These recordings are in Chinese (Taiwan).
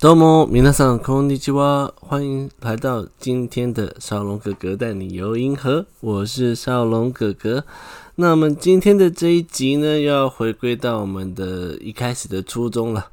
どうも皆さんこんにちは，歡迎來到今天的少龍葛格帶你遊銀河。我是少龍葛格。那我們今天的這一集呢，又要回歸到我們的一開始的初衷了，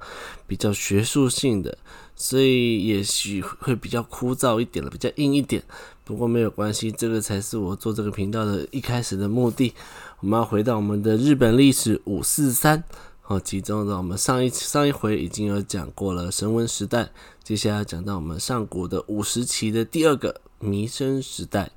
比較學術性的，所以也許會比較枯燥一點了，比較硬一點。不過沒有關係，這個才是我做這個頻道的一開始的目的。我們要回到我們的日本歷史五四三。好，其中的我們上一上一回已經有講過了繩文時代，接下來要講到我們上古的五十期的第二個彌生時代。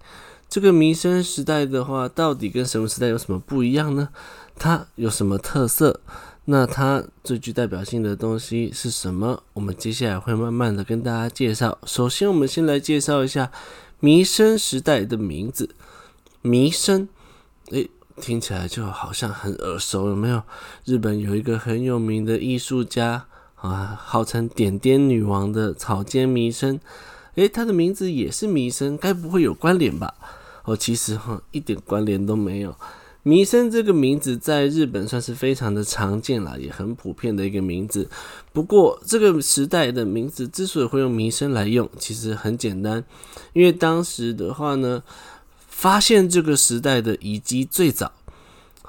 這個彌生時代的話，到底跟繩文時代有什麼不一樣呢？它有什麼特色？那它最具代表性的東西是什麼？我們接下來會慢慢的跟大家介紹。首先，我們先來介紹一下彌生時代的名字，彌生，誒。聽起來就好像很耳熟，有沒有？日本有一個很有名的藝術家啊，號稱“點點女王”的草間彌生，誒，他的名字也是彌生，該不會有關聯吧？哦，其實哈、嗯，一點關聯都沒有。彌生這個名字在日本算是非常的常見啦，也很普遍的一個名字。不過這個時代的名字之所以會用彌生來用，其實很簡單，因為當時的話呢。發現這個時代的遺跡最早，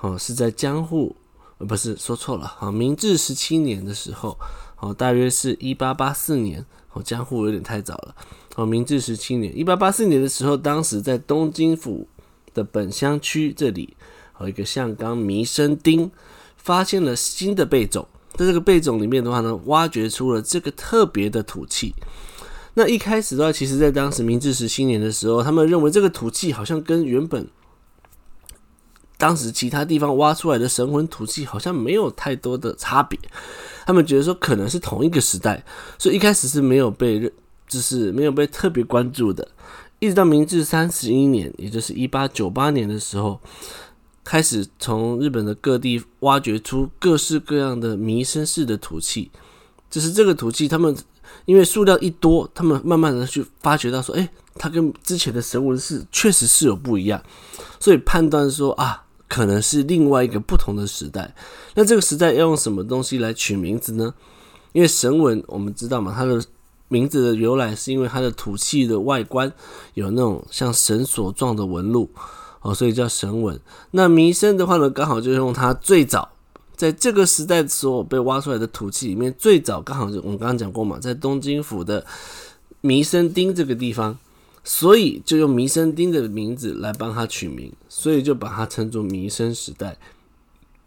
哦，是在江戶，呃，不是說錯了，好，明治十七年的時候，好，大約是一八八四年，好，江戶有點太早了，哦，明治十七年一八八四年的時候，當時在東京府的本鄉區這裡，好，一個向岡彌生町發現了新的貝塚，在這個貝塚裡面的話呢，挖掘出了這個特別的土器。那一開始的話，其實，在當時明治十七年的時候，他們認為這個土器好像跟原本當時其他地方挖出來的神魂土器好像沒有太多的差別。他們覺得說可能是同一個時代，所以一開始是沒有被認，就是沒有被特別關注的。一直到明治三十一年，也就是一八九八年的時候，開始從日本的各地挖掘出各式各樣的彌生式的土器，就是這個土器，他們。因為數量一多，他們慢慢的去發覺到說，哎，它跟之前的繩紋是確實是有不一樣，所以判斷說啊，可能是另外一個不同的時代。那這個時代要用什麼東西來取名字呢？因為繩紋我們知道嘛，它的名字的由來是因為它的土器的外觀有那種像繩索狀的紋路哦，所以叫繩紋。那彌生的話呢，剛好就用它最早。在這個時代的時候，被挖出來的土器裡面，最早剛好是我們剛剛講過嘛，在東京府的彌生町這個地方，所以就用彌生町的名字來幫它取名，所以就把它稱作彌生時代。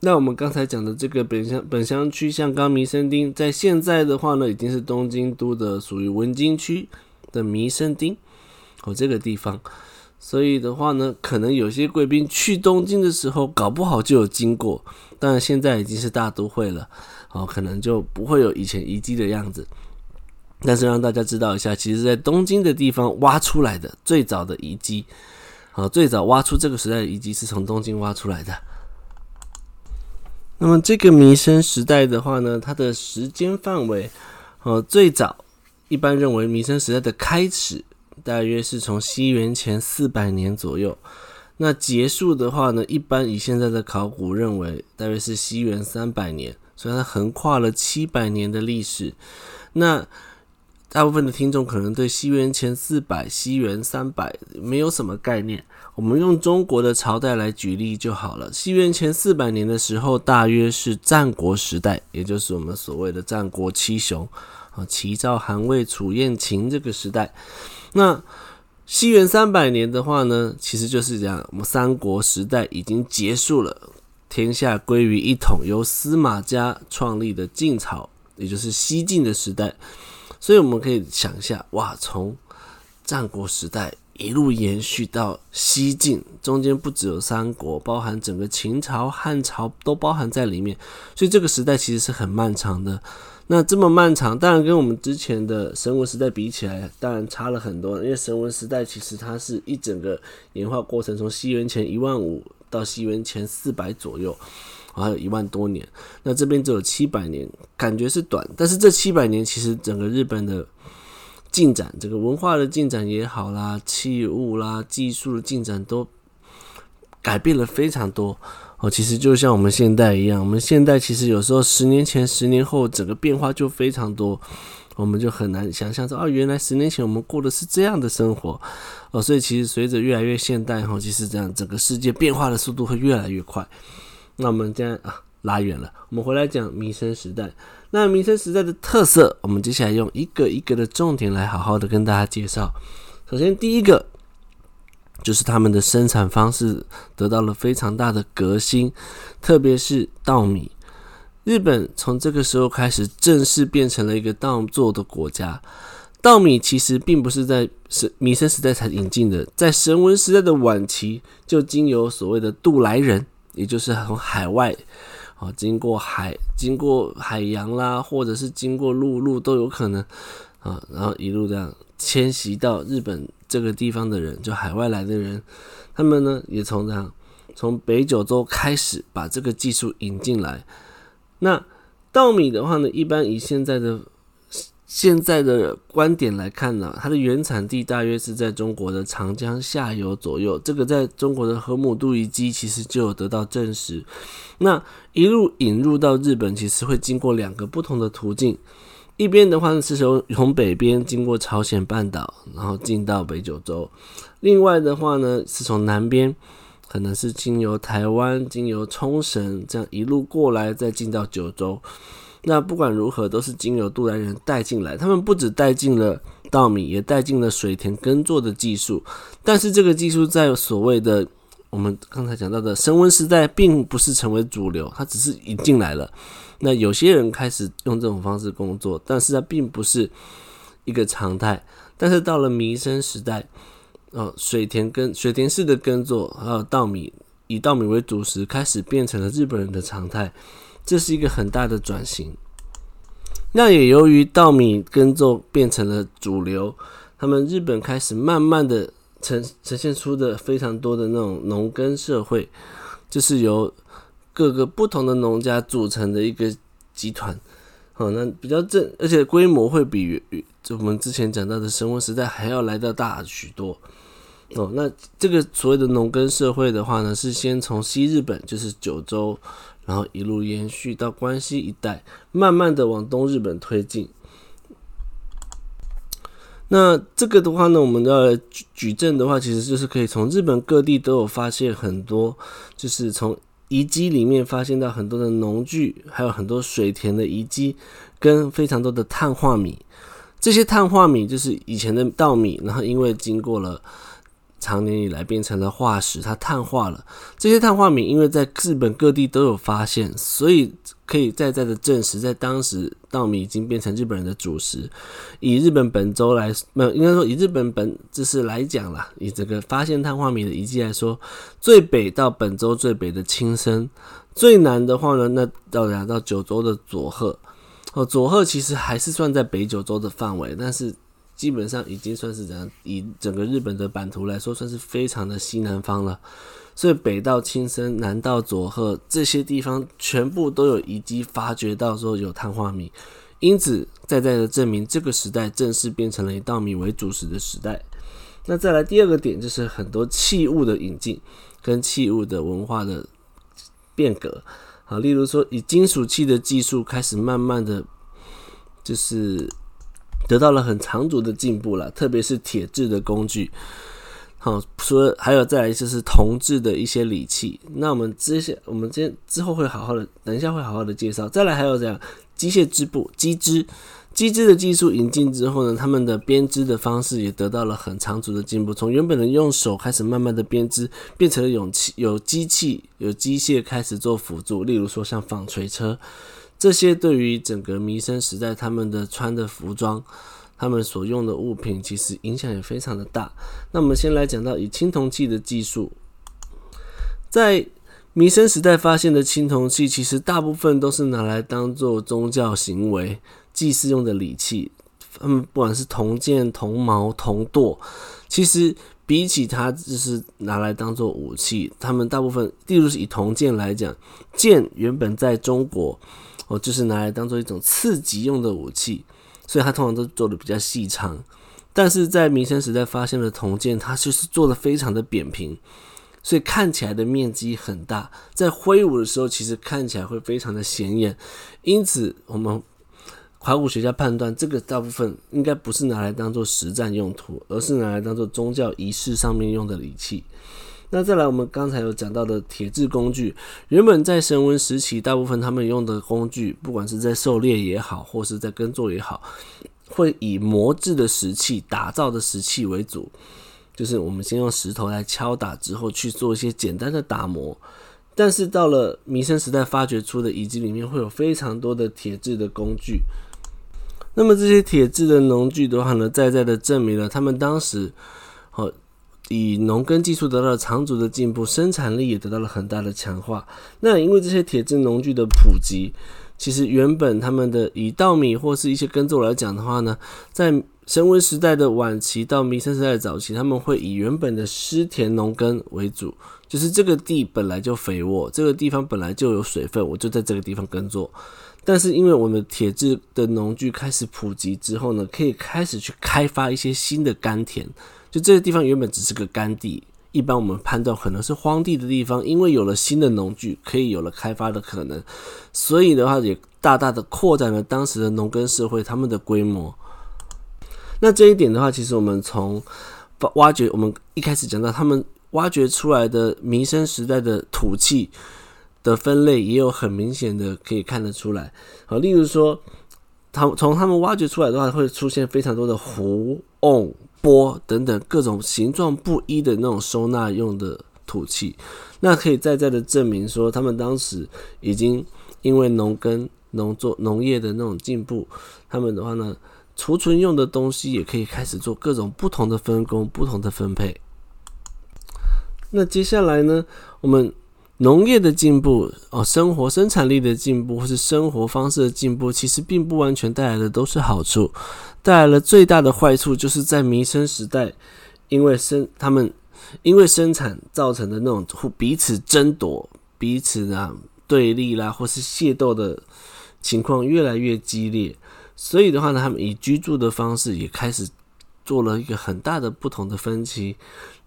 那我們剛才講的這個本鄉本鄉區，向岡彌生町，在現在的話呢，已經是東京都的屬於文京區的彌生町哦，這個地方。所以的話呢，可能有些貴賓去東京的時候，搞不好就有經過。當然，現在已經是大都會了，哦，可能就不會有以前遺跡的樣子。但是讓大家知道一下，其實，在東京的地方挖出來的最早的遺跡，啊、哦，最早挖出這個時代的遺跡是從東京挖出來的。那麼，這個彌生時代的話呢，它的時間範圍，哦，最早一般認為彌生時代的開始。大約是從西元前四百年左右，那結束的話呢，一般以現在的考古認為，大約是西元三百年，所以它橫跨了七百年的歷史。那大部分的聽眾可能對西元前四百、西元三百沒有什麼概念，我們用中國的朝代來舉例就好了。西元前四百年的時候，大約是戰國時代，也就是我們所謂的戰國七雄啊，齊、趙、韓、魏、楚、燕、秦這個時代。那西元三百年的話呢，其實就是這樣，我們三國時代已經結束了，天下歸於一統，由司馬家創立的晉朝，也就是西晉的時代。所以我們可以想一下，哇，從戰國時代一路延續到西晉，中間不只有三國，包含整個秦朝、漢朝都包含在裡面。所以這個時代其實是很漫長的。那這麼漫長，當然跟我們之前的繩文時代比起來，當然差了很多。因為繩文時代其實它是一整個演化過程，從西元前一萬五到西元前四百左右，還有一萬多年。那這邊只有七百年，感覺是短，但是這七百年其實整個日本的進展，這個文化的進展也好啦，器物啦、技術的進展都改變了非常多。哦，其實就像我們現代一樣，我們現代其實有時候十年前、十年後，整個變化就非常多，我們就很難想象說啊，原來十年前我們過的是這樣的生活。哦，所以其實隨着越來越現代，吼，其實這樣整個世界變化的速度會越來越快。那我們這樣啊拉遠了，我們回來講彌生時代。那彌生時代的特色，我們接下來用一個一個的重點來好好的跟大家介紹。首先第一個。就是他們的生產方式得到了非常大的革新，特別是稻米。日本從這個時候開始正式變成了一個稻作的國家。稻米其實並不是在神彌生時代才引進的，在繩文時代的晚期就經由所謂的渡來人，也就是從海外啊經過海、經過海洋啦，或者是經過陸路都有可能啊，然後一路這樣遷徙到日本。這個地方的人，就海外來的人，他們呢也從那從北九州開始把這個技術引進來。那稻米的話呢，一般以現在的現在的觀點來看呢，啊，它的原產地大約是在中國的長江下游左右。這個在中國的河姆渡遺跡其實就有得到證實。那一路引入到日本，其實會經過兩個不同的途徑。一邊的話呢，是從從北邊經過朝鮮半島，然後進到北九州；另外的話呢，是從南邊，可能是經由台灣、經由沖繩，這樣一路過來再進到九州。那不管如何，都是經由渡來人帶進來。他們不只帶進了稻米，也帶進了水田耕作的技術。但是這個技術在所謂的我們剛才講到的繩文時代，並不是成為主流，它只是引進來了。那有些人開始用這種方式工作，但是它並不是一個常態。但是到了彌生時代，呃、哦，水田耕、水田式的耕作，還、啊、有稻米以稻米為主食，開始變成了日本人的常態，這是一個很大的轉型。那也由於稻米耕作變成了主流，他們日本開始慢慢的呈呈現出的非常多的那種農耕社會，就是由。各個不同的農家組成的一個集團，哦，那比較正，而且規模會比與我們之前講到的繩紋時代還要來的大許多，哦，那這個所謂的農耕社會的話呢，是先從西日本就是九州，然後一路延續到關西一帶，慢慢的往東日本推進。那這個的話呢，我們要舉舉證的話，其實就是可以從日本各地都有發現很多，就是從。遺跡裡面發現到很多的農具，還有很多水田的遺跡，跟非常多的碳化米。這些碳化米就是以前的稻米，然後因為經過了長年以來變成了化石，它碳化了。這些碳化米因為在日本各地都有發現，所以。可以再再的證實，在當時稻米已經變成日本人的主食。以日本本州來，沒有，應該說以日本本這是來講啦，以這個發現碳化米的遺跡來說，最北到本州最北的青森，最南的話呢，那到達到九州的佐賀。哦，佐賀其實還是算在北九州的範圍，但是基本上已經算是怎樣？以整個日本的版圖來說，算是非常的西南方了。所以北到青森，南到佐賀，這些地方全部都有遺跡發掘到說有碳化米，因此在在的證明這個時代正式變成了以稻米為主食的時代。那再來第二個點就是很多器物的引進跟器物的文化的變革，好，例如說以金屬器的技術開始慢慢的就是得到了很長足的進步了，特別是鐵製的工具。好說，還有再來一次是銅制的一些禮器。那我們這些，我們今之後會好好的，等一下會好好的介紹。再來還有這樣，機械織布機織，機織的技術引進之後呢，他們的編織的方式也得到了很長足的進步。從原本的用手開始，慢慢的編織，變成了勇氣，有機器有機械開始做輔助。例如說像紡錘車這些，對於整個彌生時代他們的穿的服裝。他們所用的物品其實影響也非常的大。那我們先來講到以青銅器的技術，在彌生時代發現的青銅器，其實大部分都是拿來當做宗教行為、祭祀用的禮器。他們不管是銅劍、銅矛、銅鐸，其實比起它就是拿來當做武器。他們大部分，例如是以銅劍來講，劍原本在中國哦，就是拿來當做一種刺擊用的武器。所以它通常都做的比較細長，但是在彌生時代發現了銅劍，它就是做的非常的扁平，所以看起來的面積很大，在揮舞的時候其實看起來會非常的顯眼，因此我們考古學家判斷這個大部分應該不是拿來當做實戰用途，而是拿來當做宗教儀式上面用的禮器。那再來，我們剛才有講到的鐵制工具，原本在繩文時期，大部分他們用的工具，不管是在狩獵也好，或是在耕作也好，會以磨制的石器、打造的石器為主，就是我們先用石頭來敲打之後，去做一些簡單的打磨。但是到了彌生時代，發掘出的遺迹裡面會有非常多的鐵制的工具，那麼這些鐵制的農具的話呢，在在的證明了他們當時。以農耕技術得到了長足的進步，生產力也得到了很大的強化。那因為這些鐵制農具的普及，其實原本他們的以稻米或是一些耕作來講的話呢，在繩文時代的晚期到彌生時代的早期，他們會以原本的濕田農耕為主，就是這個地本來就肥沃，這個地方本來就有水分，我就在這個地方耕作。但是因為我們鐵制的農具開始普及之後呢，可以開始去開發一些新的乾田。就這個地方原本只是個乾地，一般我們判斷可能是荒地的地方，因為有了新的農具，可以有了開發的可能，所以的話也大大的擴展了當時的農耕社會他們的規模。那這一點的話，其實我們從挖掘，我們一開始講到他們挖掘出來的彌生時代的土器的分類，也有很明顯的可以看得出來。好，例如說，他們從他們挖掘出來的話，會出現非常多的壺甕。鉢、等等各種形狀不一的那種收納用的土器，那可以再再的證明說，他們當時已經因為農耕、農作、農業的那種進步，他們的話呢，儲存用的東西也可以開始做各種不同的分工、不同的分配。那接下來呢，我們。農業的進步哦，生活生產力的進步或是生活方式的進步，其實並不完全帶來的都是好處，帶來了最大的壞處就是在彌生時代，因為生他們因為生產造成的那種互彼此爭奪、彼此啊對立啦、啊、或是械鬥的情況越來越激烈，所以的話呢，他們以居住的方式也開始做了一個很大的不同的分歧。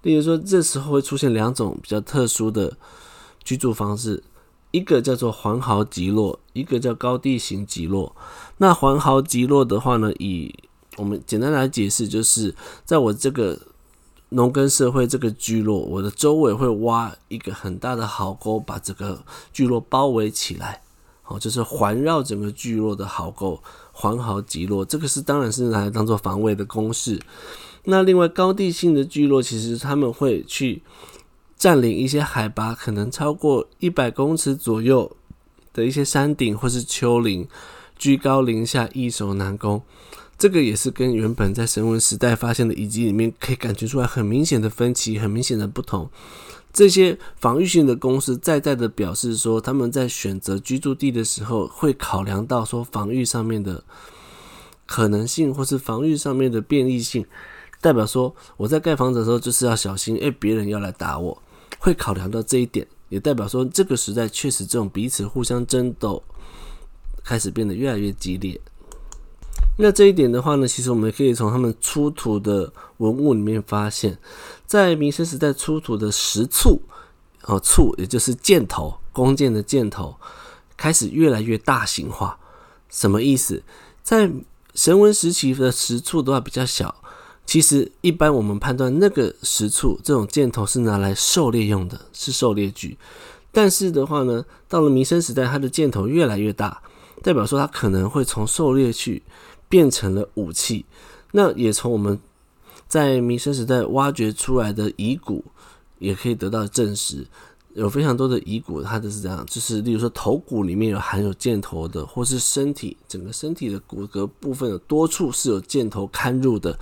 例如說，這時候會出現兩種比較特殊的。居住方式，一個叫做環壕聚落，一個叫高地性聚落。那環壕聚落的話呢，以我們簡單來解釋，就是在我這個農耕社會這個聚落，我的周圍會挖一個很大的壕溝，把這個聚落包圍起來，好，就是環繞整個聚落的壕溝，環壕聚落。這個是當然是拿來當做防衛的工事。那另外高地性的聚落，其實他們會去。佔領一些海拔可能超過一百公尺左右的一些山頂或是丘陵，居高臨下，易守難攻。這個也是跟原本在繩文時代發現的遺跡裡面可以感覺出來很明顯的分歧，很明顯的不同。這些防禦性的工事在在的表示說，他們在選擇居住地的時候會考量到說防禦上面的可能性，或是防禦上面的便利性，代表說我在蓋房子的時候就是要小心，哎、欸，別人要來打我。會考量到這一點，也代表說這個時代確實這種彼此互相爭鬥開始變得越來越激烈。那這一點的話呢，其實我們可以從他們出土的文物裡面發現，在彌生時代出土的石鏃，哦，鏃也就是箭頭，弓箭的箭頭開始越來越大型化。什麼意思？在繩文時期的石鏃的話比較小。其實，一般我們判斷那個石鏃，這種箭頭是拿來狩獵用的，是狩獵具。但是的話呢，到了彌生時代，它的箭頭越來越大，代表說它可能會從狩獵具變成了武器。那也從我們，在彌生時代挖掘出來的遺骨，也可以得到證實，有非常多的遺骨，它就是這樣，就是例如說頭骨裡面有含有箭頭的，或是身體整個身體的骨骼部分有多處是有箭頭崁入的。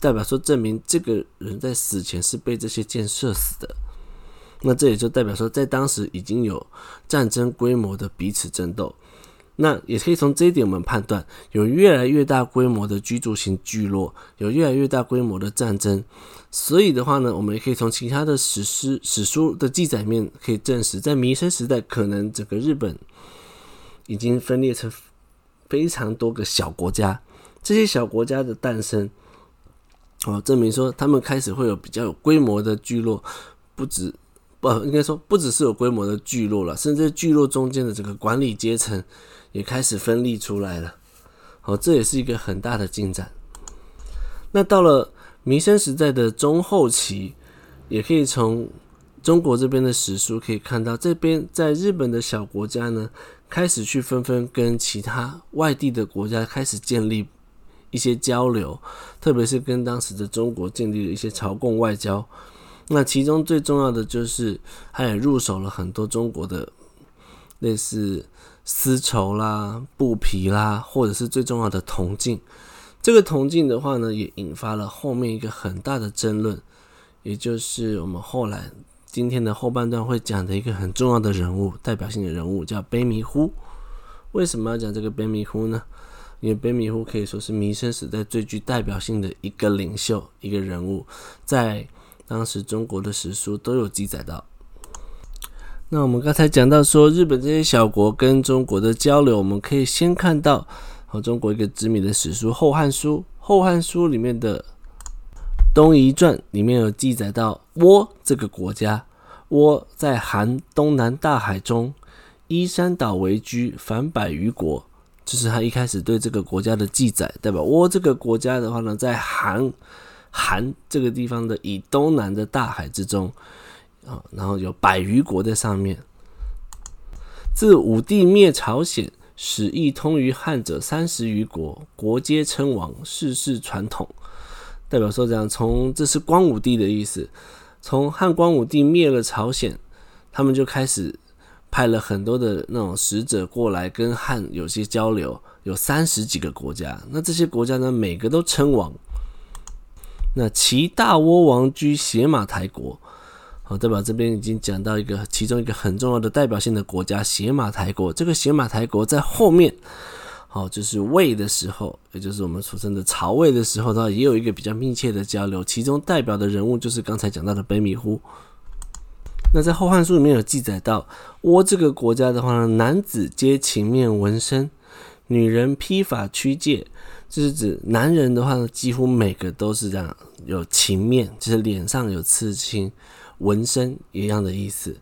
代表說，證明這個人在死前是被這些箭射死的。那這也就代表說，在當時已經有戰爭規模的彼此爭鬥。那也可以從這一點我們判斷，有越來越大規模的居住型聚落，有越來越大規模的戰爭。所以的話呢，我們也可以從其他的史詩、史書的記載面可以證實，在彌生時代，可能整個日本已經分裂成非常多個小國家。這些小國家的誕生。哦，證明說他們開始會有比較有規模的聚落，不止，不應該說不只是有規模的聚落了，甚至聚落中間的這個管理階層也開始分立出來了。好、哦，這也是一個很大的進展。那到了彌生時代的中後期，也可以從中國這邊的史書可以看到，這邊在日本的小國家呢，開始去紛紛跟其他外地的國家開始建立一些交流，特別是跟當時的中國建立了一些朝貢外交。那其中最重要的就是，他也入手了很多中國的類似絲綢啦、布匹啦，或者是最重要的銅鏡。這個銅鏡的話呢，也引發了後面一個很大的爭論，也就是我們後來今天的後半段會講的一個很重要的人物，代表性的人物叫卑彌呼。為什麼要講這個卑彌呼呢？因為卑彌呼可以說是彌生時代最具代表性的一個領袖，一個人物，在當時中國的史書都有記載到。那我們剛才講到說，日本這些小國跟中國的交流，我們可以先看到和中國一個知名的史書《後漢書》，《後漢書》裡面的《東夷傳》裡面有記載到倭這個國家，倭在韓東南大海中，依山島為居，凡百餘國。就是他一開始對這個國家的記載，代表倭這個國家的話呢，在韓韓這個地方的以東南的大海之中啊，然後有百餘國在上面。自武帝滅朝鮮，使驛通於漢者三十餘國，國皆稱王，世世傳統。代表說這樣，從這是光武帝的意思，從漢光武帝滅了朝鮮，他們就開始。派了很多的那種使者過來跟漢有些交流，有三十幾個國家。那這些國家呢，每個都稱王。那其大倭王居邪馬台國，好、哦，代表這邊已經講到一個其中一個很重要的代表性的國家——邪馬台國。這個邪馬台國在後面，好、哦，就是魏的時候，也就是我們俗稱的曹魏的時候，它也有一個比較密切的交流。其中代表的人物就是剛才講到的卑彌呼。那在《後漢書》裡面有記載到，倭這個國家的話呢，男子皆情面紋身，女人披髮曲髻，就是指男人的話呢，幾乎每個都是這樣，有情面，就是臉上有刺青、紋身一樣的意思。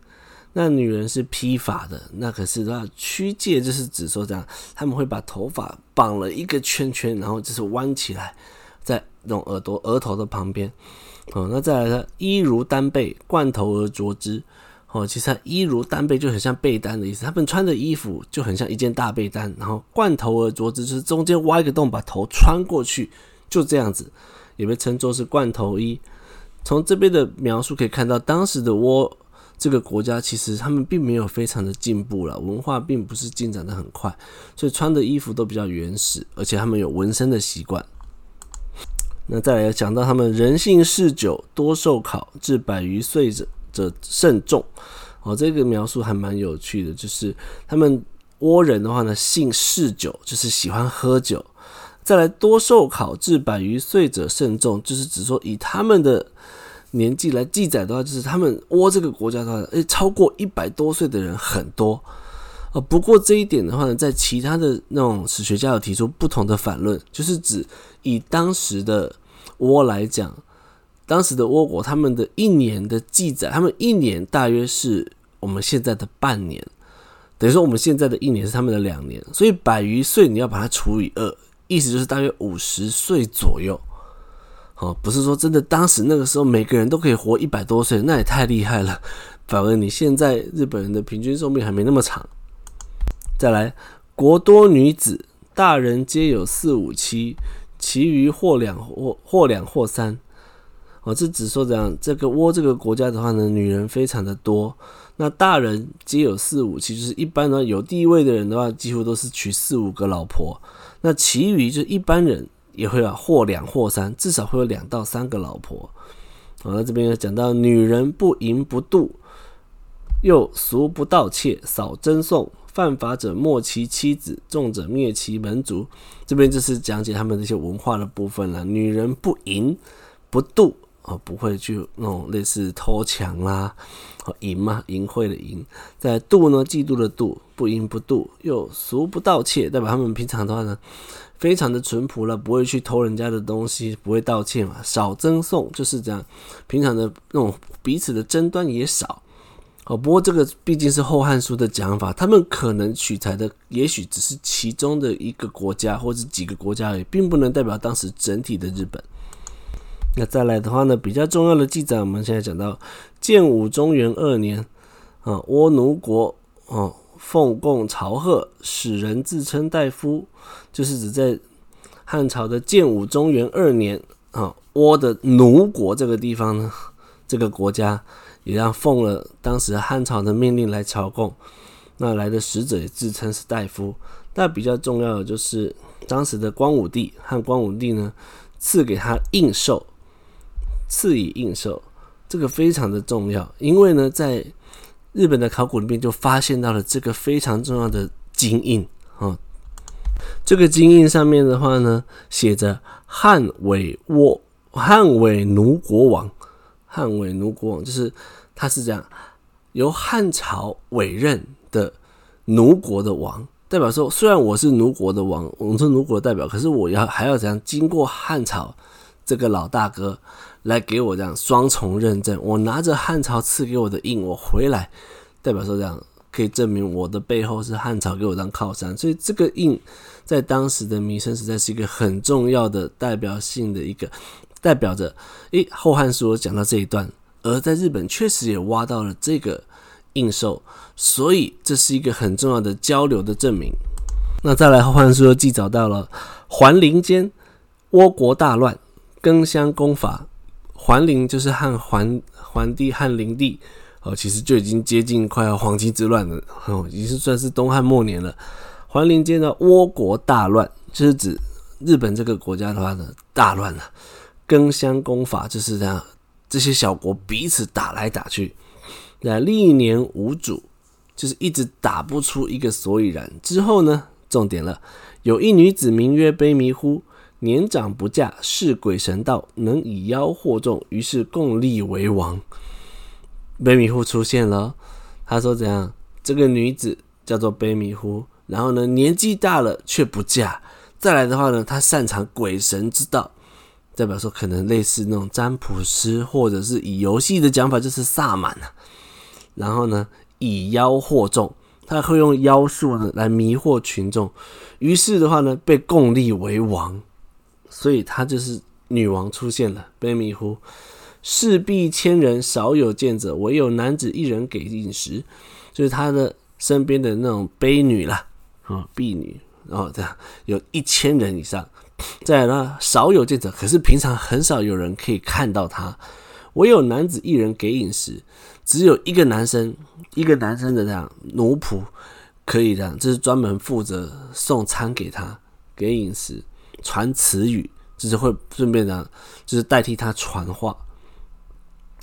那女人是披髮的，那可是的話，曲髻，就是指說這樣，他們會把頭髮綁了一個圈圈，然後就是彎起來，在那種耳朵、額頭的旁邊。哦，那再來呢？衣如單被，貫頭而着之。哦，其實它衣如單被就很像被單的意思。他們穿的衣服就很像一件大被單。然後貫頭而着之就是中間挖一個洞，把頭穿過去，就這樣子，也被稱作是貫頭衣。從這邊的描述可以看到，當時的倭這個國家其實他們並沒有非常的進步了，文化並不是進展的很快，所以穿的衣服都比較原始，而且他們有紋身的習慣。那再來講到他們人性嗜酒，多壽考至百餘歲者者甚眾。哦，這個描述還蠻有趣的，就是他們倭人的話呢，性嗜酒，就是喜歡喝酒。再來多壽考至百餘歲者甚眾，就是指說以他們的年紀來記載的話，就是他們倭這個國家的話，哎，超過一百多歲的人很多啊、哦。不過這一點的話呢，在其他的那種史學家有提出不同的反論，就是指。以當時的倭來講，當時的倭國，他們的一年的記載，他們一年大約是我們現在的半年，等於說我們現在的一年是他們的兩年，所以百餘歲你要把它除以二，意思就是大約五十歲左右。哦，不是說真的，當時那個時候每個人都可以活一百多歲，那也太厲害了。反而你現在日本人的平均壽命還沒那麼長。再來，國多女子，大人皆有四五妻。其餘或兩或或兩或三，我、哦、這只說講這個倭這個國家的話呢，女人非常的多。那大人皆有四五，其、就、實、是、一般呢，有地位的人的話，幾乎都是娶四五個老婆。那其餘就一般人也會啊，或兩或三，至少會有兩到三個老婆。好、哦、了，這邊又講到女人不淫不妒，又俗不盜竊，少爭訟。犯法者莫其妻子，重者滅其門族。這邊就是講解他們那些文化的部分了。女人不淫不妒啊、哦，不會去那種類似偷搶啦、啊。淫、哦、嘛，淫穢的淫，再妒呢，嫉妒的妒。不淫不妒，又俗不盜竊，代表他們平常的話呢，非常的淳樸了，不會去偷人家的東西，不會盜竊嘛，少爭訟，就是這樣，平常的那種彼此的爭端也少。哦，不過這個畢竟是《後漢書》的講法，他們可能取材的也許只是其中的一個國家或者是幾個國家而已，並不能代表當時整體的日本。那再來的話呢，比較重要的記載，我們現在講到建武中元二年，啊，倭奴國啊，奉貢朝賀，使人自稱大夫，就是指在漢朝的建武中元二年，啊，倭的奴國這個地方呢。這個國家也讓奉了當時漢朝的命令來朝貢，那來的使者也自稱是大夫。但比較重要的就是當時的光武帝，漢光武帝呢，賜給他印綬，賜以印綬，這個非常的重要。因為呢，在日本的考古裡面就發現到了這個非常重要的金印啊。這個金印上面的話呢，寫着漢“漢委倭，漢委奴國王”。漢衛奴國王就是，他是這樣，由漢朝委任的奴國的王，代表說，雖然我是奴國的王，我是奴國的代表，可是我要還要怎樣，經過漢朝這個老大哥來給我這樣雙重認證，我拿着漢朝賜給我的印，我回來，代表說這樣可以證明我的背後是漢朝給我當靠山，所以這個印在當時的民生實在是一個很重要的代表性的一個。代表着，誒、欸，《後漢書》有講到這一段，而在日本確實也挖到了這個印綬，所以這是一個很重要的交流的證明。那再來，《後漢書》又記載到了“桓靈間倭國大亂，更相攻伐”。桓靈就是漢桓桓帝、漢靈帝哦，其實就已經接近快要黃巾之亂了、哦，已經是算是東漢末年了。桓靈間的倭國大亂，就是指日本這個國家的話呢、啊，大亂了。更相攻伐就是這樣，這些小國彼此打來打去，那歷年無主，就是一直打不出一個所以然。之後呢，重點了，有一女子名曰卑彌呼，年長不嫁，事鬼神道，能以妖惑眾，於是共立為王。卑彌呼出現了，他說怎樣？這個女子叫做卑彌呼，然後呢，年紀大了卻不嫁，再來的話呢，她擅長鬼神之道。代表說，可能類似那種占卜師，或者是以遊戲的講法，就是薩滿了、啊。然後呢，以妖惑眾，他會用妖術呢來迷惑群眾。於是的話呢，被共立為王，所以他就是女王出現了。卑彌呼，侍婢千人，少有見者，唯有男子一人給飲食，就是他的身邊的那種婢女婢女啦，嗯，婢女，然後這樣有一千人以上。再來呢，少有見者。可是平常很少有人可以看到他，唯有男子一人給飲食，只有一個男生，一個男生的這樣奴僕可以這樣，這、就是專門負責送餐給他，給飲食，傳詞語，只是會順便呢，就是代替他傳話。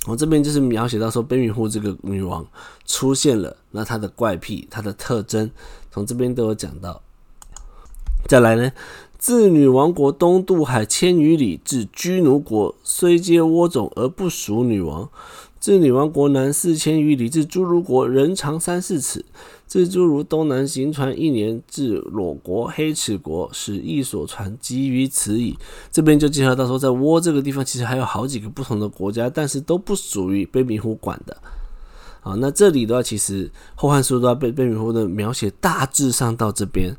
我、哦、這邊就是描寫到說，卑彌呼這個女王出現了，那她的怪癖、她的特徵，從這邊都有講到。再來呢？自女王國東渡海千餘里，至居奴國，雖皆倭種，而不屬女王。自女王國南四千餘里，至侏儒國，人長三四尺。自侏儒東南行船一年，至裸國、黑齒國，使一所傳，及於此矣。這邊就介紹到說，在倭這個地方，其實還有好幾個不同的國家，但是都不屬於卑彌呼管的。好，那這裡的話，其實《後漢書》對卑彌呼的描寫大致上到這邊。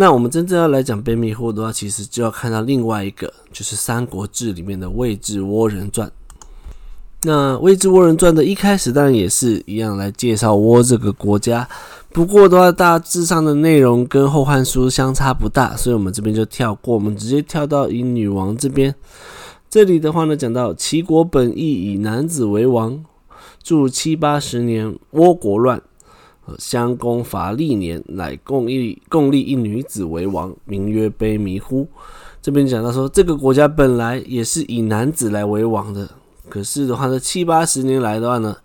那我們真正要來講卑彌呼的話，其實就要看到另外一個，就是《三國志》裡面的《魏志倭人傳》。那《魏志倭人傳》的一開始當然也是一樣來介紹倭這個國家，不過的話大致上的內容跟《後漢書》相差不大，所以我們這邊就跳過，我們直接跳到以女王這邊。這裡的話呢，講到齊國本意以男子為王，住七八十年，倭國亂。相攻伐歷年，乃共一共立一女子為王，名曰卑彌呼。這邊講到說，這個國家本來也是以男子來為王的，可是的話呢，七八十年來的話呢，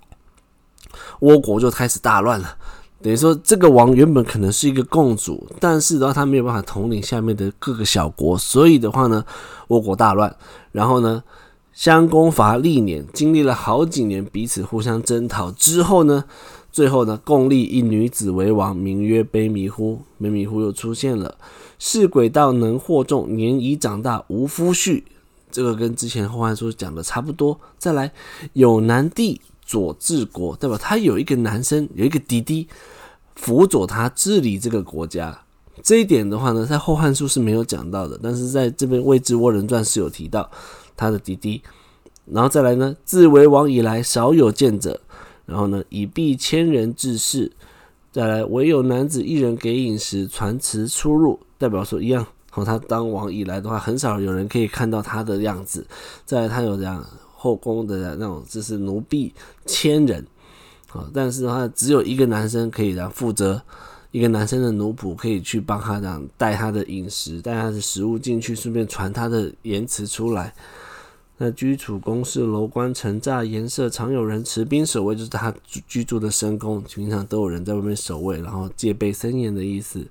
倭國就開始大亂了。等於說，這個王原本可能是一個共主，但是的話，他沒有辦法統領下面的各個小國，所以的話呢，倭國大亂。然後呢，相攻伐歷年，經歷了好幾年彼此互相征討之後呢。最後呢，共立一女子為王，名曰卑彌呼。卑彌呼又出現了，是鬼道能惑眾，年已長大，無夫婿。這個跟之前《後漢書》講的差不多。再來，有男弟佐治國，代表他有一個男生，有一個弟弟輔佐他治理這個國家。這一點的話呢，在《後漢書》是沒有講到的，但是在這邊《魏志·倭人傳》是有提到他的弟弟。然後再來呢，自為王以來，少有見者。然後呢，以婢千人自侍，再來唯有男子一人給飲食，傳辭出入。代表說一樣，和、哦、他當王以來的話，很少有人可以看到他的樣子。再來，他有這樣後宮的那種，就是奴婢千人，啊、哦，但是的話，只有一個男生可以讓負責，一個男生的奴僕可以去幫他這樣帶他的飲食，帶他的食物進去，順便傳他的言辭出來。那居處宮室樓觀城柵，顏色常有人持兵守衛，就是他居住的深宮，經常都有人在外面守衛，然後戒備森嚴的意思。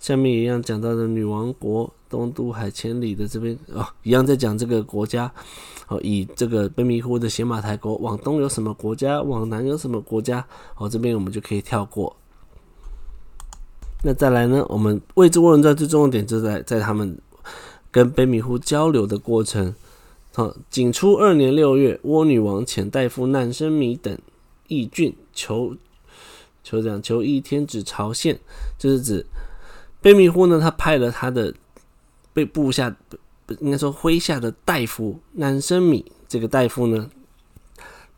下面一樣講到的女王國，東渡海千里的這邊哦，一樣在講這個國家。哦，以這個卑彌呼的邪馬台國往東有什麼國家？往南有什麼國家？哦，這邊我們就可以跳過。那再來呢？我們魏志倭人傳在最重要的點就是在在他們跟卑彌呼交流的過程。啊、哦！景初二年六月，倭女王遣大夫難升米等詣郡求求講求詣天子朝獻，就是指卑彌呼呢。他派了他的被部下，應該說麾下的大夫難升米這個大夫呢，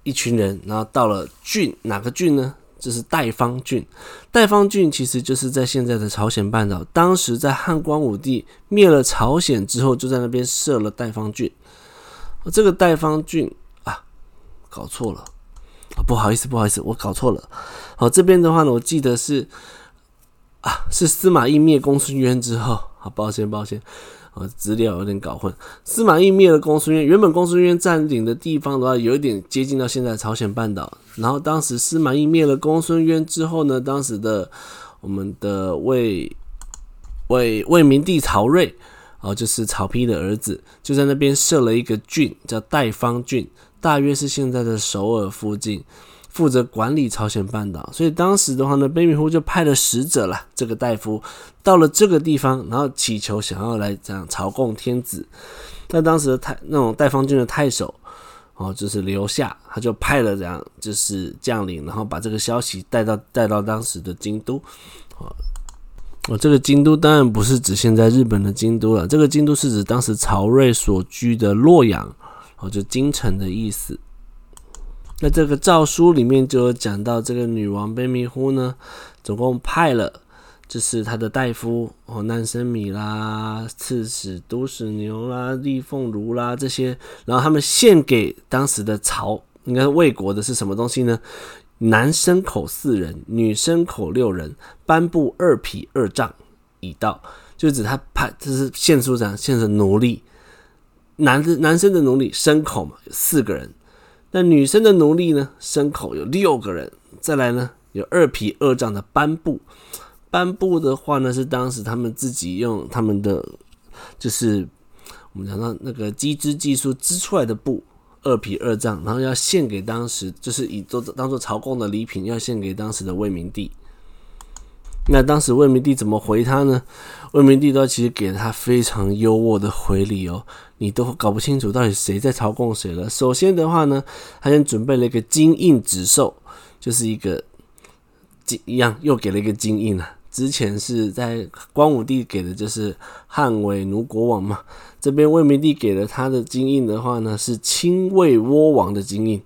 一群人，然後到了郡，哪個郡呢？就是帶方郡。帶方郡其實就是在現在的朝鮮半島。當時在漢光武帝滅了朝鮮之後，就在那邊設了帶方郡。這個帶方郡啊，搞錯了，啊，不好意思，不好意思，我搞錯了。好，啊，這邊的話呢，我記得是啊，是司馬懿滅公孫淵之後。好，啊，抱歉，抱歉，我，啊、資料有點搞混。司馬懿滅了公孫淵，原本公孫淵佔領的地方的話，有一點接近到現在朝鮮半島。然後當時司馬懿滅了公孫淵之後呢，當時的我們的魏魏魏明帝曹睿。哦，然後就是曹丕的兒子就在那邊設了一個郡，叫帶方郡，大約是現在的首爾附近，負責管理朝鮮半島。所以當時的話呢，卑彌呼就派了使者了，這個大夫到了這個地方，然後祈求想要來這樣朝貢天子。但當時的太那種帶方郡的太守，哦，就是劉夏，他就派了這樣就是將領，然後把這個消息帶到帶到當時的京都，哦我、哦、這個京都當然不是指現在日本的京都了，這個京都是指當時曹睿所居的洛陽，哦，就京城的意思。那這個詔書裡面就有講到，這個女王卑彌呼呢，總共派了，就是他的大夫哦，南生米啦，刺史都史牛啦，立鳳如啦這些，然後他們獻給當時的曹，應該是魏國的是什麼東西呢？男生口四人，女生口六人，班布二匹二丈，以到。就指他派，這是獻出怎樣，獻出奴隸，男男生的奴隸，生口嘛，有四個人；那女生的奴隸呢，生口有六個人。再來呢，有二匹二丈的班布。班布的話呢，是當時他們自己用他們的，就是我們講到那個機織技術織出來的布。二匹二丈，然後要獻給當時，就是以做當做朝貢的禮品，要獻給當時的魏明帝。那當時魏明帝怎麼回他呢？魏明帝都其實給了他非常優渥的回禮哦，你都搞不清楚到底誰在朝貢誰了。首先的話呢，他先準備了一個金印紫綬，就是一個金一樣，又給了一個金印啊。之前是在光武帝給的，就是漢魏奴國王嘛。這邊魏明帝給了他的金印的話呢，是親魏倭王的金印。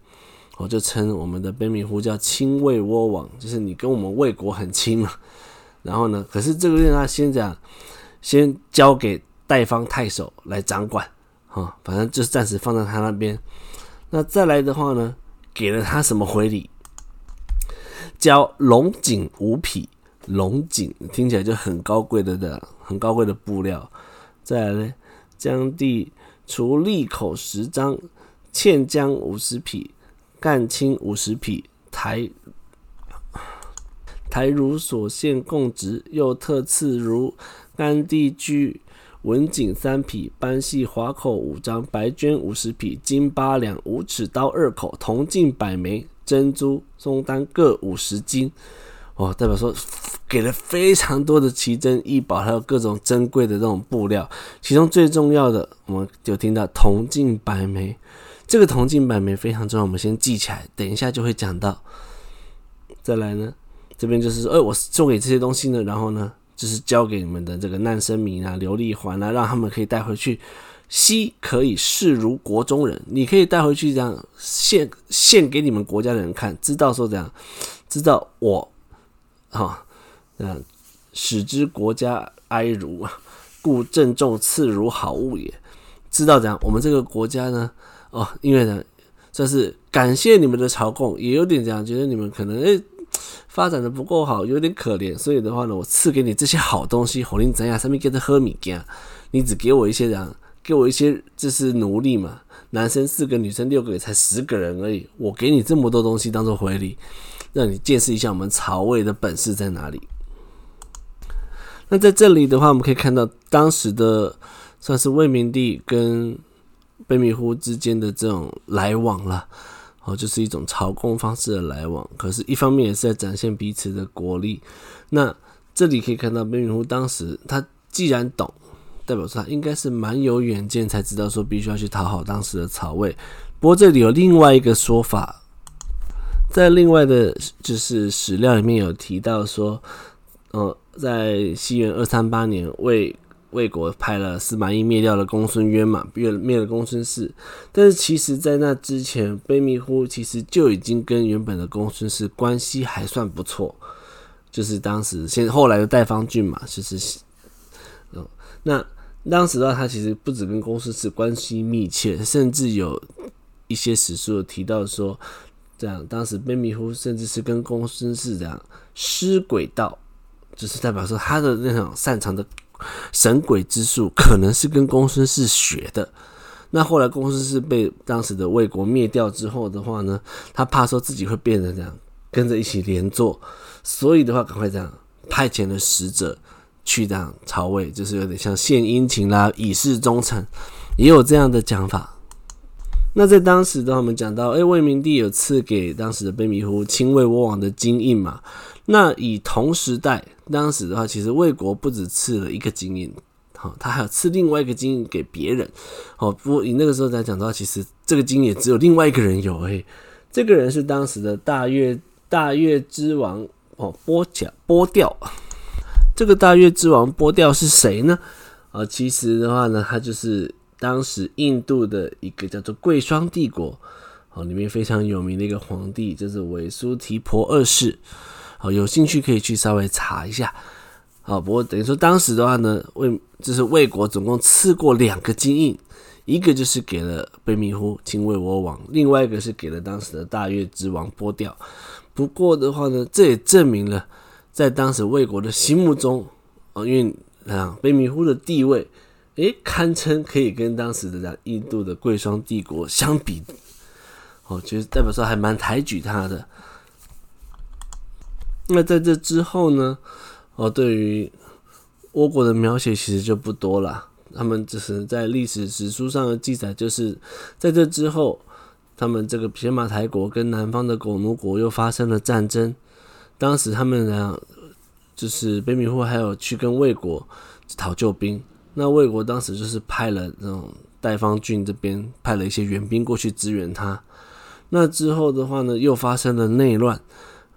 我就稱我們的卑彌呼叫親魏倭王，就是你跟我們魏國很親嘛。然後呢，可是這個讓他先講，先交給代方太守來掌管，哈、哦，反正就是暫時放在他那邊。那再來的話呢，給了他什麼回禮？交龍井五匹。龍錦聽起來就很高貴的的，很高貴的布料。再來呢，江地除利口十張，欠江五十匹，干青五十匹。台台如所獻供職，又特賜如甘地居文錦三匹，班系划口五張，白絹五十匹，金八兩，五尺刀二口，銅鏡百枚，珍珠松丹各五十斤。哦，代表說給了非常多的奇珍異寶，還有各種珍貴的這種布料，其中最重要的，我們就聽到銅鏡百枚，這個銅鏡百枚非常重要，我們先記起來，等一下就會講到。再來呢，這邊就是說，哎，我送給這些東西呢，然後呢，就是交給你們的這個難生米啊、琉璃環啊，讓他們可以帶回去，悉可以視如國中人，你可以帶回去這樣獻獻給你們國家的人看，知道說這樣，知道我。好、哦，嗯，使之國家哀如，故鄭重賜如好物也。知道講，我們這個國家呢，哦，因為呢，算是感謝你們的朝貢，也有點這樣覺得你們可能哎發展的不夠好，有點可憐，所以的話呢，我賜給你這些好東西，紅林怎樣？上面給他喝米羹，你只給我一些這樣，給我一些這是奴隸嘛，男生四個，女生六個，也才十個人而已，我給你這麼多東西當做回禮。讓你見識一下我們曹魏的本事在哪裡。那在這裡的話，我們可以看到當時的算是魏明帝跟卑彌呼之間的這種來往了，哦，就是一種朝貢方式的來往。可是，一方面也是在展現彼此的國力。那這裡可以看到，卑彌呼當時他既然懂，代表說他應該是蠻有遠見，才知道說必須要去討好當時的曹魏。不過，這裡有另外一個說法。在另外的，就是史料裡面有提到說，嗯、呃，在西元二三八年，魏魏國派了司馬懿滅掉了公孫淵嘛，滅滅了公孫氏。但是其實，在那之前，卑彌呼、呼其實就已經跟原本的公孫氏關係還算不錯。就是當時先後來的帶方郡嘛，就是嗯、呃，那當時的話，他其實不止跟公孫氏關係密切，甚至有一些史書有提到說。這樣，當時卑彌呼甚至是跟公孫氏這樣事鬼道，就是代表說他的那種擅長的神鬼之術，可能是跟公孫氏學的。那後來公孫氏被當時的魏國滅掉之後的話呢，他怕說自己會變成這樣，跟着一起連坐，所以的話趕快這樣派遣了使者去這樣朝魏，就是有點像獻殷勤，啦，以示忠誠，也有這樣的講法。那在當時的話，我們講到，哎、欸，魏明帝有賜給當時的卑彌呼“親魏倭王”的金印嘛？那以同時代，當時的話，其實魏國不止賜了一個金印，好、哦，他還有賜另外一個金印給別人，哦，不以那個時候在講的話，其實這個金也只有另外一個人有而已。這個人是當時的大月大月之王哦，波掉波調。這個大月之王波調是誰呢？啊、哦，其實的話呢，他就是。當時印度的一個叫做貴霜帝國，哦，裡面非常有名的一個皇帝就是韋蘇提婆二世，哦，有興趣可以去稍微查一下，啊、哦，不過等於說當時的話呢，魏就是魏國總共賜過兩個金印，一個就是給了卑彌呼親魏倭王，另外一個是給了當時的大月氏王波調。不過的話呢，這也證明了在當時魏國的心目中，哦，因為啊卑彌呼的地位。誒，堪稱可以跟當時的講印度的貴霜帝國相比，哦，其實代表說還蠻抬舉他的。那在這之後呢，哦，對於倭國的描寫其實就不多了，他們只是在歷史史書上的記載，就是在這之後，他們這個邪馬台國跟南方的狗奴國又發生了戰爭，當時他們倆就是卑彌呼還有去跟魏國討救兵。那魏國當時就是派了那種帶方郡，這邊派了一些援兵過去支援他。那之後的話呢，又發生了內亂。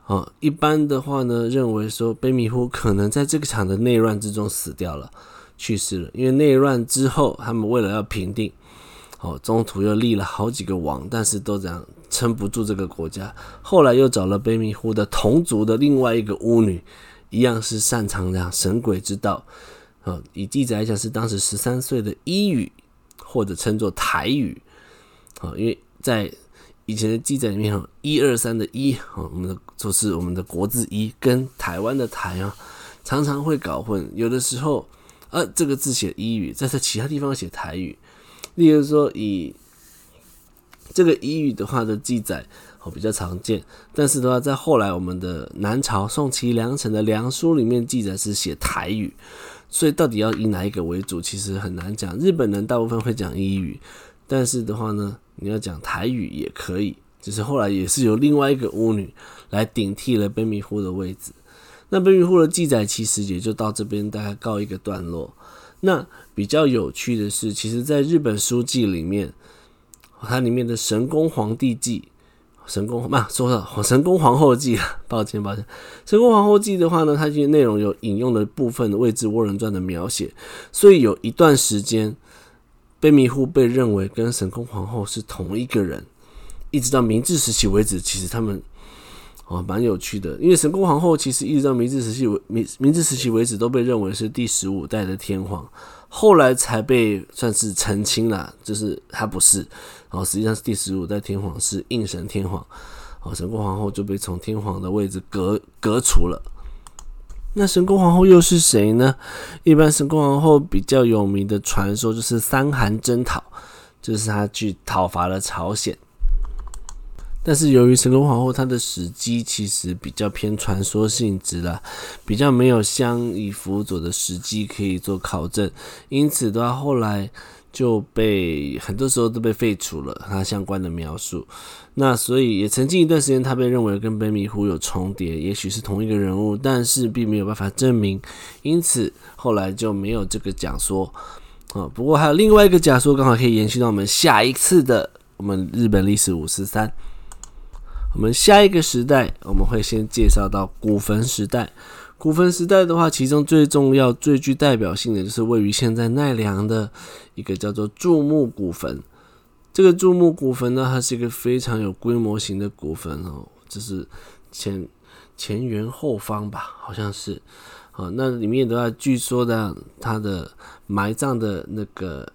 哦，一般的話呢，認為說卑彌呼可能在這個場的內亂之中死掉了，去世了。因為內亂之後，他們為了要平定，哦，中途又立了好幾個王，但是都這樣撐不住這個國家。後來又找了卑彌呼的同族的另外一個巫女，一樣是擅長這樣神鬼之道。啊，以記載一下是當時十三歲的“壹與”或者稱作“臺與”。啊，因為在以前的記載裡面，“一、二、三”的“一”啊，我們的就是我們的國字“一”跟台灣的“台”啊，常常會搞混。有的時候，啊，這個字寫“壹與”，但在其他地方寫“臺與”。例如說，以這個“壹與”的話的記載，哦，比較常見。但是的話，在後來我們的南朝宋齊梁陳的梁書裡面記載是寫“臺與”。所以到底要以哪一個為主，其實很難講。日本人大部分會講英語，但是的話呢，你要講台語也可以。只是後來也是由另外一個巫女來頂替了卑彌呼的位置。那卑彌呼的記載其實也就到這邊大概告一個段落。那比較有趣的是，其實在日本書紀裡面，它裡面的《神功皇帝記》。神功嘛、啊，說到神功皇后記了，抱歉抱歉，神功皇后記的話呢，它其實內容有引用的部分《魏志倭人傳》的描寫，所以有一段時間，卑彌呼被認為跟神功皇後是同一個人，一直到明治時期為止。其實他們哦蠻有趣的，因為神功皇後其實一直到明治時期明明治時期為止都被認為是第十五代的天皇，後來才被算是澄清了，就是他不是。哦，實際上是第十五代天皇是應神天皇，哦，神功皇後就被從天皇的位置革革除了。那神功皇后又是誰呢？一般神功皇后比較有名的傳說就是三韓征討，就是他去討伐了朝鮮。但是由於神功皇後她的史跡其實比較偏傳說性質啦，比較沒有相宜輔佐的史跡可以做考證，因此到後來。就被很多時候都被廢除了它相關的描述，那所以也曾經一段時間，它被認為跟卑彌呼有重疊，也許是同一個人物，但是並沒有辦法證明，因此後來就沒有這個假說。啊、嗯，不過還有另外一個假說，剛好可以延續到我們下一次的我們日本歷史五四三，我們下一個時代，我們會先介紹到古墳時代。古墳時代的話，其中最重要、最具代表性的就是位於現在奈良的一個叫做箸墓古墳。這個箸墓古墳呢，它是一個非常有規模型的古墳哦，這、就是前前圓後方吧，好像是。啊、哦，那裡面的話，據說的他的埋葬的那個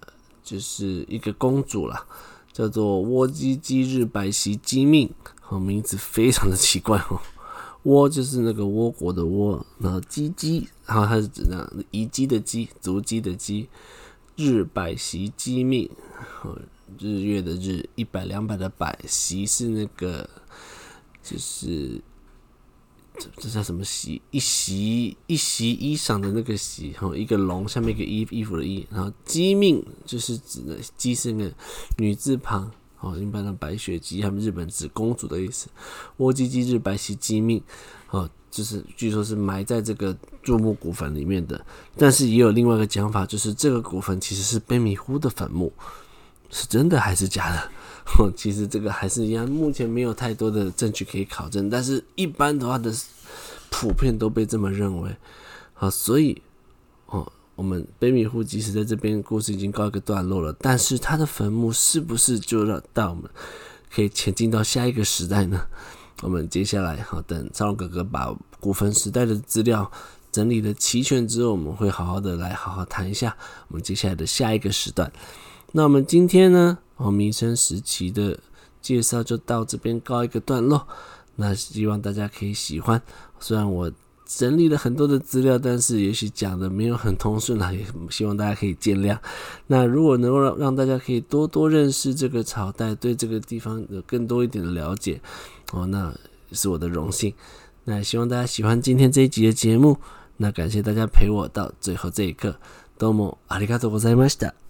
就是一個公主啦，叫做倭迹迹日百襲姬命，哦，名字非常的奇怪哦。倭就是那個倭國的倭，然後跡跡，然後它是指那一跡的跡，足跡的跡。日百襲姬命，日月的日，一百兩百的百，襲是那個就是這這叫什麼襲？一襲一襲衣裳的那個襲，然後一個龍下面一個衣衣服的衣、e，然後姬命就是指的姬是那個女字旁。哦，一般的白雪姬他們日本指公主的意思，窩基基日白皙姬命，哦，就是據說是埋在這個朱木古墳裡面的，但是也有另外一個講法，就是這個古墳其實是卑彌呼的墳墓，是真的還是假的？哦，其實這個還是一樣，目前沒有太多的證據可以考證，但是一般的話的普遍都被這麼認為，啊、哦，所以，哦。我們卑彌乎即使在這邊故事已經告一個段落了，但是他的墳墓是不是就讓到我們可以前進到下一個時代呢？我們接下來好等少龍哥哥把古墳時代的資料整理的齊全之後，我們會好好的來好好談一下我們接下來的下一個時段。那我們今天呢，我們彌生時期的介紹就到這邊告一個段落。那希望大家可以喜歡，雖然我。整理了很多的資料，但是也許講的沒有很通順啊，也希望大家可以見諒。那如果能夠讓讓大家可以多多認識這個朝代，對這個地方有更多一點的了解，哦，那是我的榮幸。那希望大家喜歡今天這一集的節目，那感謝大家陪我到最後這一刻。どうもありがとうございました。